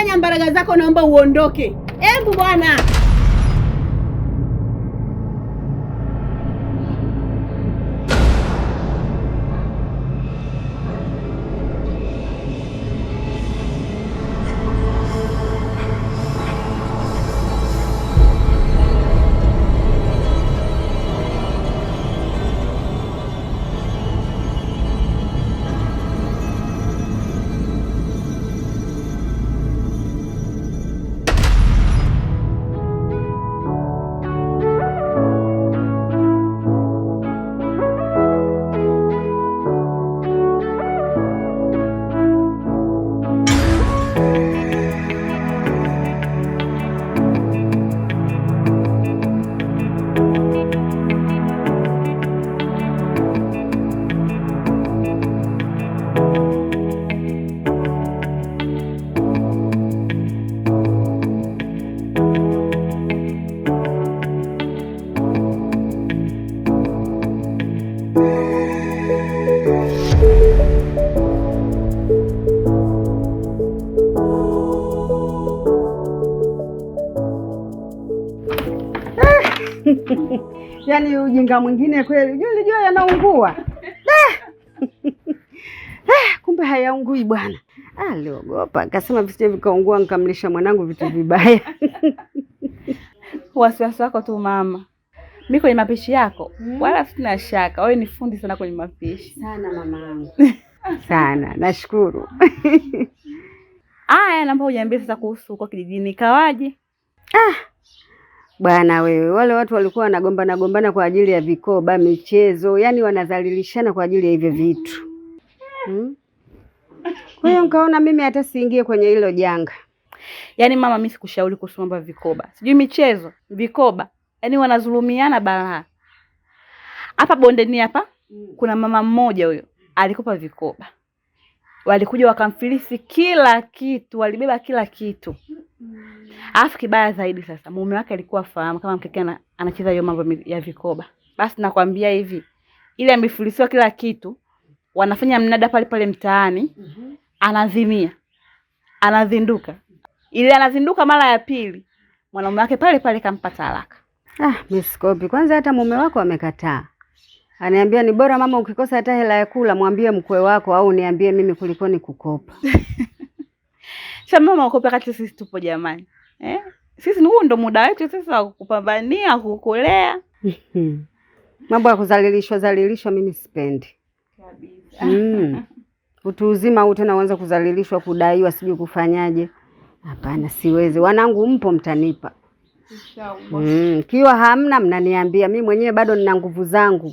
Changanya mbaraga zako, naomba uondoke. Embu bwana. Yaani ujinga mwingine kweli, unajua ile jua yanaungua eh! Eh, kumbe hayaungui bwana. Ah, aliogopa akasema visije vikaungua nikamlisha mwanangu vitu vibaya. Wasiwasi wako tu mama, mi kwenye mapishi yako hmm, wala sina shaka wewe ni fundi sana kwenye mapishi sana mamaangu sana, nashukuru Aya, naomba uniambie sasa kuhusu huko kijijini kawaje? ah. Bwana wewe, wale watu walikuwa wanagombana gombana kwa ajili ya vikoba, michezo, yaani wanadhalilishana kwa ajili ya hivyo vitu hmm? Kwa hiyo nikaona mimi hata siingie kwenye hilo janga. Yaani mama, mimi sikushauri kuhusu mambo ya vikoba, sijui michezo, vikoba, yaani wanazulumiana balaa. Hapa bondeni hapa hmm. kuna mama mmoja, huyo alikopa vikoba, walikuja wakamfilisi kila kitu, walibeba kila kitu Mm. Alafu kibaya zaidi sasa, mume wake alikuwa fahamu kama mkeke anacheza hiyo mambo ya vikoba. Basi nakwambia hivi, ile amefulisiwa kila kitu, wanafanya mnada pale pale mtaani, mhm. anazimia, anazinduka. Ile anazinduka mara ya pili, mwanaume wake pale pale kampa talaka. Ah, misikopi kwanza, hata mume wako amekataa, anaambia ni bora mama, ukikosa hata hela ya kula mwambie mkwe wako, au niambie mimi kuliko nikukopa Sasa mama wakopakati sisi tupo jamani, eh? Sisi huu ndo muda wetu sasa wa kupambania kukulea mhm. mambo ya kuzalilishwa zalilishwa, mimi sipendi kabisa mm. Utu uzima huu tena uanze kuzalilishwa, kudaiwa, sijui kufanyaje. Hapana, siwezi. Wanangu mpo, mtanipa mm. Kiwa hamna, mnaniambia. Mi mwenyewe bado nina nguvu zangu,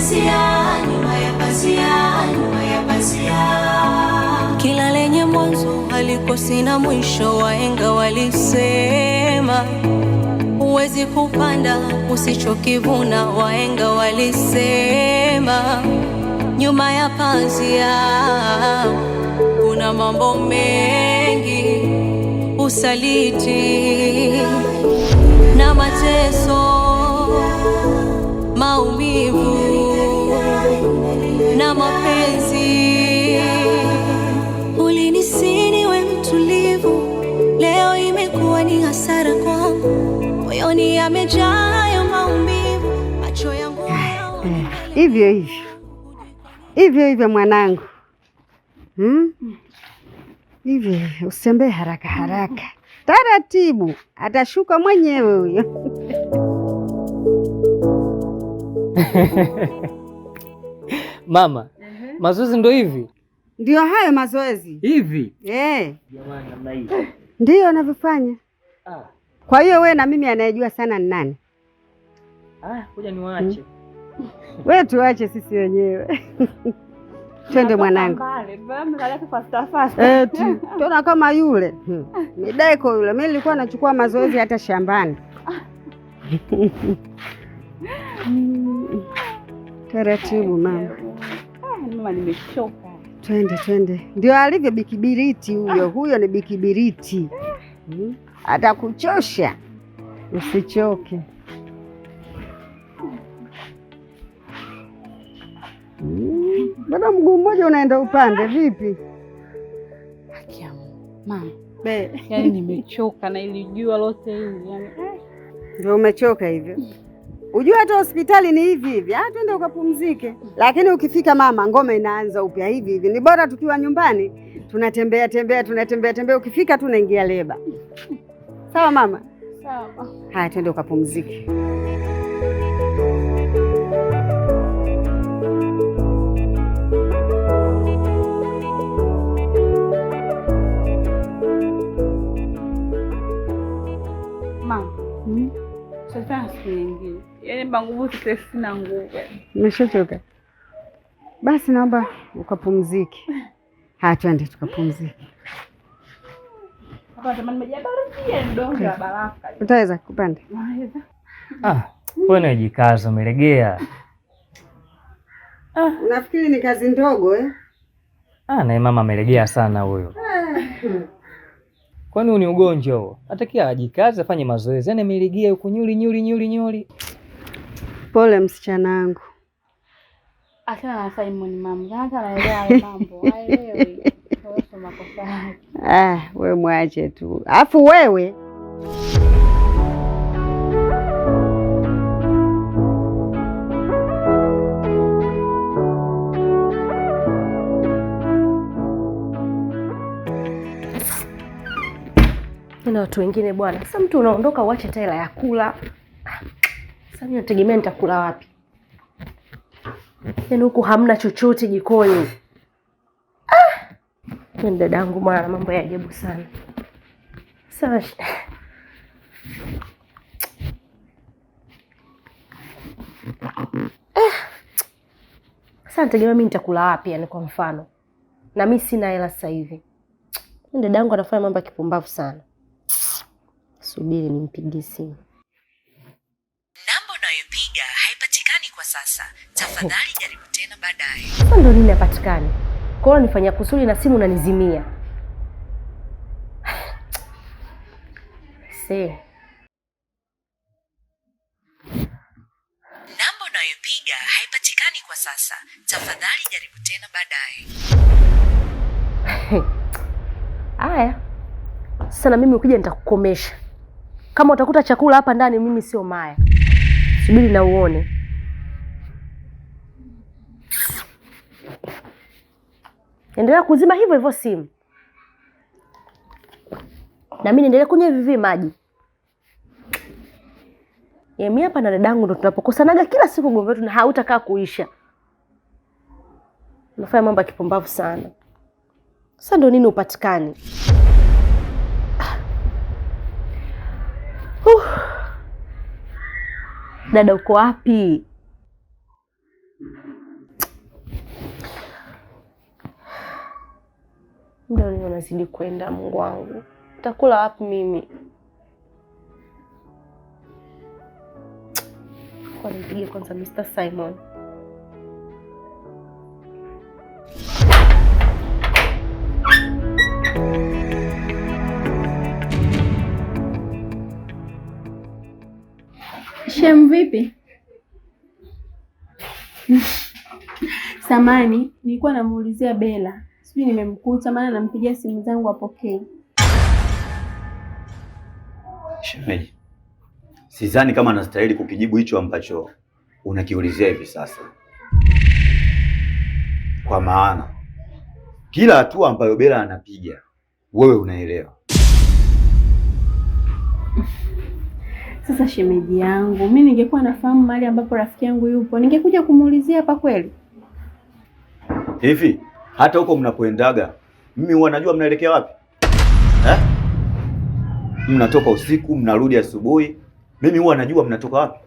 pazia, nyuma ya nyuma ya Kila lenye mwanzo halikosi na mwisho, waenga walisema. Huwezi kupanda usichokivuna, waenga walisema. Nyuma ya pazia kuna mambo mengi, usaliti na mateso, maumivu hasara kwangu, moyoni yamejaa maumivu, macho yangu eh, eh. hivyo hivyo hivyo hivyo, mwanangu hmm? Hivyo usembee haraka haraka, taratibu, atashuka mwenyewe huyo. Mama, mhm. mazoezi ndo hivi, ndio hayo mazoezi hivi eh, jamani, ndio anavyofanya. Ah. Kwa hiyo wewe na mimi anayejua sana ni nani? Ah, kuja niwaache. Hmm. Wewe tuache sisi wenyewe. Twende mwanangu. Eti, tona eh, kama yule mideko hmm. yule. Mimi nilikuwa nachukua mazoezi hata shambani. Taratibu mama. Eh, eh, mama nimechoka. Twende twende, ndio alivyo bikibiriti huyo. Ah. Huyo ni bikibiriti. Hmm atakuchosha, usichoke. Bado hmm, mguu mmoja unaenda upande vipi? Mama, yaani nimechoka na lote hili yaani, eh. Ndio umechoka hivyo. Ujua hata hospitali ni hivi hivi, ah, twende ukapumzike, lakini ukifika mama, ngoma inaanza upya hivi hivi. Ni bora tukiwa nyumbani tunatembea tembea tunatembea tembea, ukifika tu naingia leba Sawa mama? Sawa. Haya, twende ukapumzike. Mama, hmm? yaani Basi naomba ukapumzike. Haya, twende tukapumzike. Utaweza kupanda? Ah, wewe unajikaza, umelegea. Ah, nafikiri ni kazi ndogo eh? Ah, naye mama amelegea sana huyo. Eh, hmm. Kwani ni ugonjwa huo? Atakia ajikaze, afanye mazoezi. Yaani amelegea huko nyuli nyuli nyuli nyuli. Pole msichana wangu. Achana na Simon mama. Hata anaelewa mambo. Haelewi. Ah, we mwache tu, alafu wewe na watu wengine bwana. Sasa mtu unaondoka uache taela ya kula. Sasa mimi nategemea nitakula wapi? Yaani huku hamna chochote jikoni. Ni dadangu mwana, mambo ya ajabu sana. Sawa. Sasa eh. nategemea mimi nitakula wapi? Yani kwa mfano, na mimi sina hela sasa hivi. Dadangu anafanya mambo ya kipumbavu sana. Subiri nimpigie simu. Namba unayopiga haipatikani kwa sasa, tafadhali jaribu tena baadaye. Sasa ndo nini hapatikani? Kwa hiyo nifanya kusudi na simu nanizimia. See. Namba unayopiga haipatikani kwa sasa. Tafadhali jaribu tena baadaye. Aya. Sasa na mimi ukija nitakukomesha. Kama utakuta chakula hapa ndani mimi sio maya. Subiri na uone. endelea kuzima hivyo hivyo simu, na mimi niendelee kunywa hivi maji. Eh, mimi hapa na dadangu ndo tunapokosanaga kila siku, ugomvi wetu hautakaa kuisha. Nafanya mambo ya kipumbavu sana. Sasa ndo nini upatikani? Uh, dada uko wapi? muda wenyewe unazidi kwenda. Mungu wangu, nitakula wapi mimi? Kwa nipigie kwanza Mr. Simon. Shem, vipi? Samani, nilikuwa namuulizia Bella sijui nimemkuta, maana nampigia simu zangu apokee. Shemeji, sidhani kama nastahili kukijibu hicho ambacho unakiulizia hivi sasa, kwa maana kila hatua ambayo Bela anapiga wewe unaelewa. Sasa shemeji yangu, mi ningekuwa nafahamu mahali ambapo rafiki yangu yupo, ningekuja kumuulizia hapa kweli. Hivi hata huko mnapoendaga mimi huwa najua mnaelekea wapi eh? Mnatoka usiku mnarudi asubuhi, mimi huwa najua mnatoka wapi.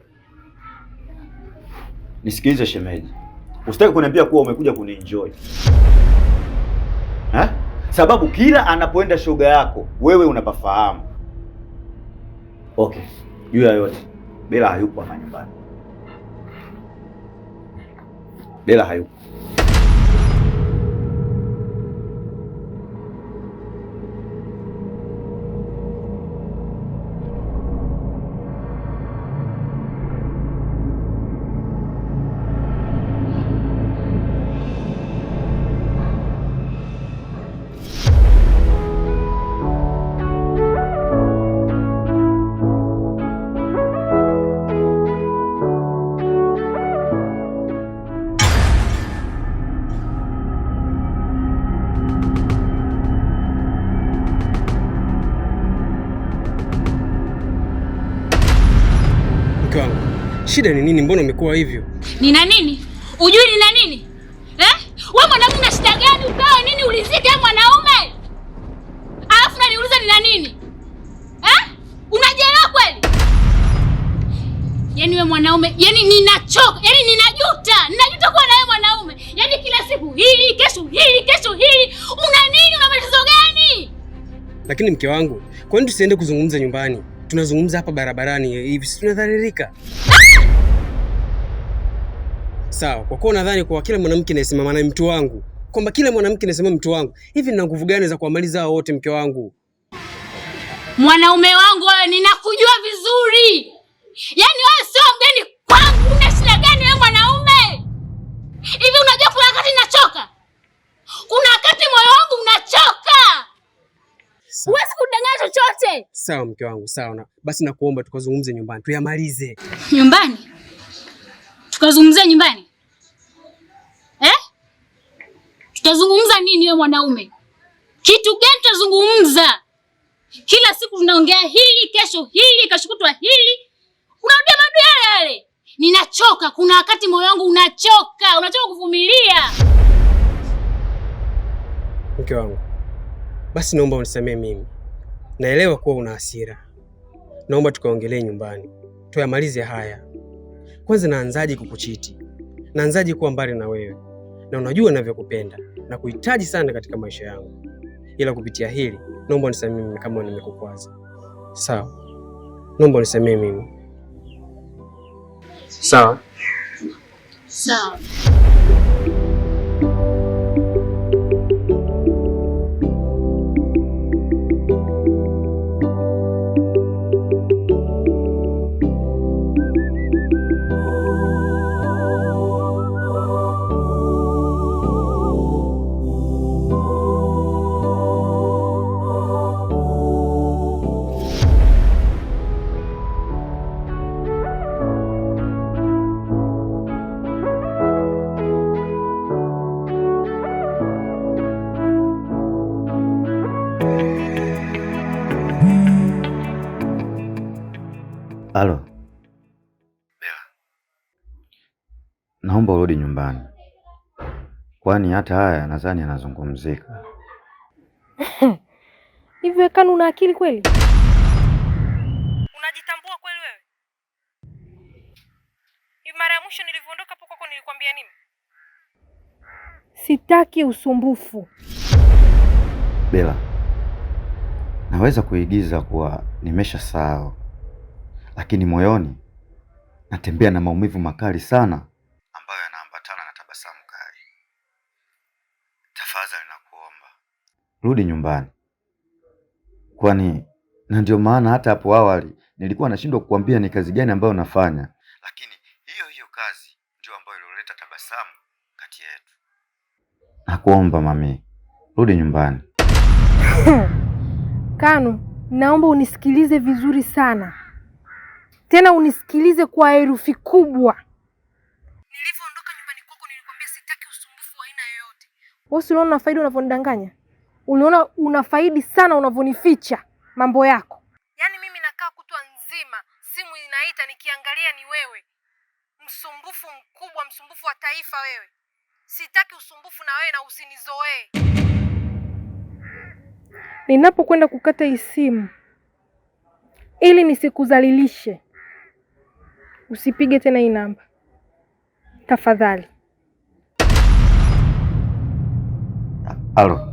Nisikilize shemeji, usitaki kuniambia kuwa umekuja kunienjoy eh? Sababu kila anapoenda shoga yako wewe unapafahamu. Okay, juu ya yote Bela hayupo hapa nyumbani. Bela hayupo. Shida ni nini? Mbona umekuwa hivyo? Nina nini? Ujui nina nini? Eh? Wewe mwanaume una shida gani? Ukawa nini ulizike mwanaume? Alafu unaniuliza nina nini? Eh? Unajielewa kweli? Yaani wewe mwanaume, yaani ninachoka, yaani ninajuta. Ninajuta kuwa na wewe mwanaume. Yaani kila siku hili, kesho hili, kesho hili. Una nini? Una matatizo gani? Lakini mke wangu, kwa nini tusiende kuzungumza nyumbani? Tunazungumza hapa barabarani hivi, si tunadhalilika? Sawa, kwa kuwa nadhani kwa kila mwanamke anayesimama na mtu wangu, kwamba kila mwanamke nasimama mtu wangu, hivi nina nguvu gani za kuwamaliza hao wote? Mke wangu, mwanaume wangu, wewe ninakujua vizuri, yaani wewe sio mgeni kwangu. Una shida gani wewe mwanaume? Hivi unajua kuna wakati nachoka, kuna wakati moyo wangu unachoka Huwezi kudanganya chochote. Sawa mke wangu, sawa. Basi nakuomba tukazungumze nyumbani, tuyamalize nyumbani, tukazungumze nyumbani. Tutazungumza nini wewe mwanaume? Kitu gani tutazungumza? Kila siku tunaongea hili, kesho hili, kashukutwa hili, unarudia mambo yale yale. Ninachoka, kuna wakati moyo wangu unachoka, unachoka kuvumilia. Mke wangu, basi naomba unisamee mimi. Naelewa kuwa una hasira, naomba tukaongelee nyumbani, tuyamalize haya. Kwanza naanzaje kukuchiti? Naanzaje kuwa mbali na wewe? na unajua ninavyokupenda na kuhitaji sana katika maisha yangu, ila kupitia hili naomba unisamehe mimi kama nimekukwaza. Sawa, naomba unisamehe mimi. Sawa sawa. naomba urudi nyumbani, kwani hata haya nadhani yanazungumzika. Hivyo Kanu, una akili kweli? Unajitambua kweli wewe? Mara ya mwisho nilivyoondoka hapo kwako nilikwambia nini? Sitaki usumbufu. Bela, naweza kuigiza kuwa nimeshasahau, lakini moyoni natembea na maumivu makali sana rudi nyumbani. Kwani na ndio maana hata hapo awali nilikuwa nashindwa kukuambia ni kazi gani ambayo nafanya, lakini hiyo hiyo kazi ndio ambayo ilioleta tabasamu kati yetu. Nakuomba mami, rudi nyumbani. Kanu, naomba unisikilize vizuri sana tena unisikilize kwa herufi kubwa. Nilivyoondoka nyumbani kwako, nilikwambia sitaki usumbufu wa aina yoyote. Wewe unaona faida unavyonidanganya? uliona unafaidi sana unavyonificha mambo yako. Yaani mimi nakaa kutwa nzima, simu inaita, nikiangalia ni wewe. Msumbufu mkubwa, msumbufu wa taifa wewe. Sitaki usumbufu na wewe na usinizoee. Ninapokwenda kukata hii simu ili nisikuzalilishe, usipige tena hii namba tafadhali. Halo.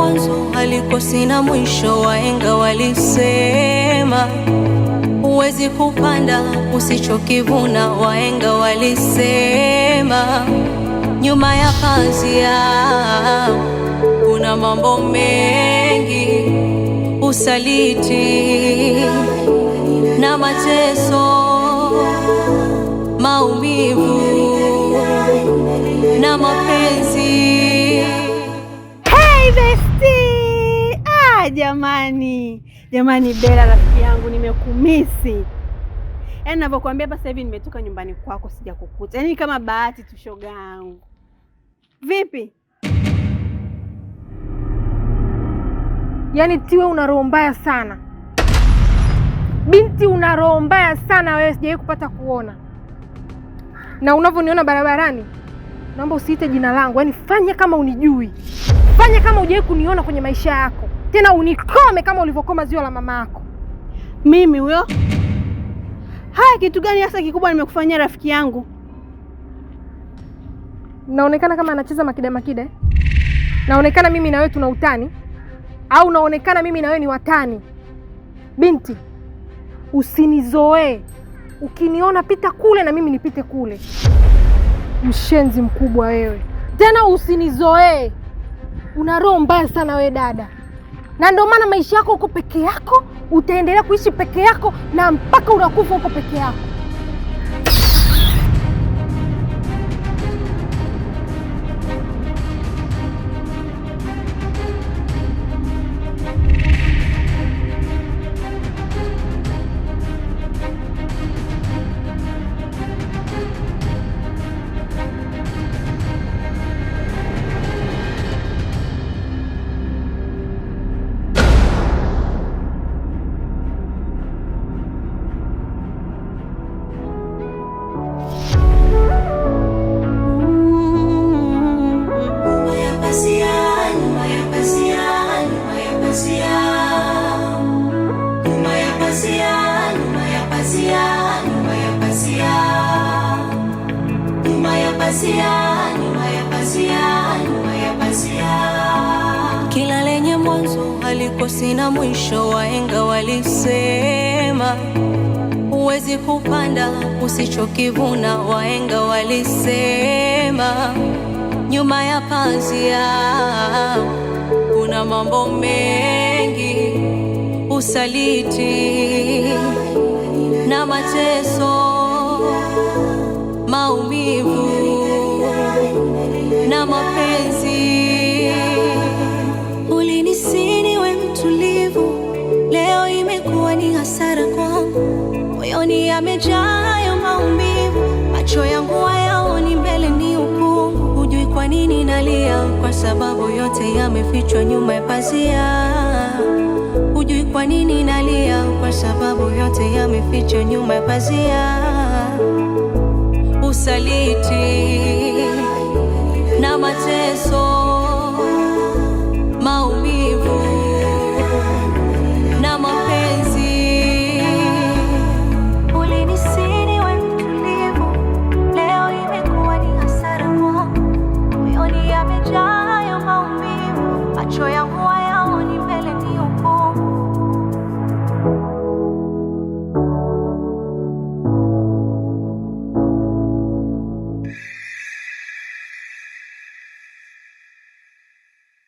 mwanzo alikosina mwisho. Waenga walisema huwezi kupanda usichokivuna. Waenga walisema nyuma ya pazia kuna mambo mengi, usaliti na mateso Jamani Bella, rafiki yangu, nimekumisi. Yaani ninavyokuambia hapa sasa hivi nimetoka nyumbani kwako sija kukuta. Yaani kama bahati tu, shoga yangu. Vipi? Yaani Tiwe, una roho mbaya sana binti, una roho mbaya sana wewe, sijawahi kupata kuona. Na unavyoniona barabarani, naomba usiite jina langu, yaani fanya kama unijui, fanya kama hujawahi kuniona kwenye maisha yako tena unikome kama ulivyokoma ziwa la mama yako. Mimi huyo? Haya, kitu gani hasa kikubwa nimekufanyia rafiki yangu? Naonekana kama anacheza makide makide? Naonekana mimi na wewe tuna utani au naonekana mimi na wewe ni watani? Binti, usinizoee. Ukiniona pita kule na mimi nipite kule. Mshenzi mkubwa wewe, tena usinizoee. Una roho mbaya sana wewe dada na ndio maana maisha yako uko peke yako, utaendelea kuishi peke yako na mpaka unakufa uko peke yako. yako sina mwisho. waenga walisema huwezi kupanda usichokivuna. waenga walisema nyuma ya pazia kuna mambo mengi, usaliti na mateso, maumivu moyoni yamejaa hayo maumivu, macho yangu hayaoni mbele, ni ukungu. Hujui kwa nini nalia, kwa sababu yote yamefichwa nyuma ya pazia. Hujui kwa nini nalia, kwa sababu yote yamefichwa nyuma ya pazia. Usaliti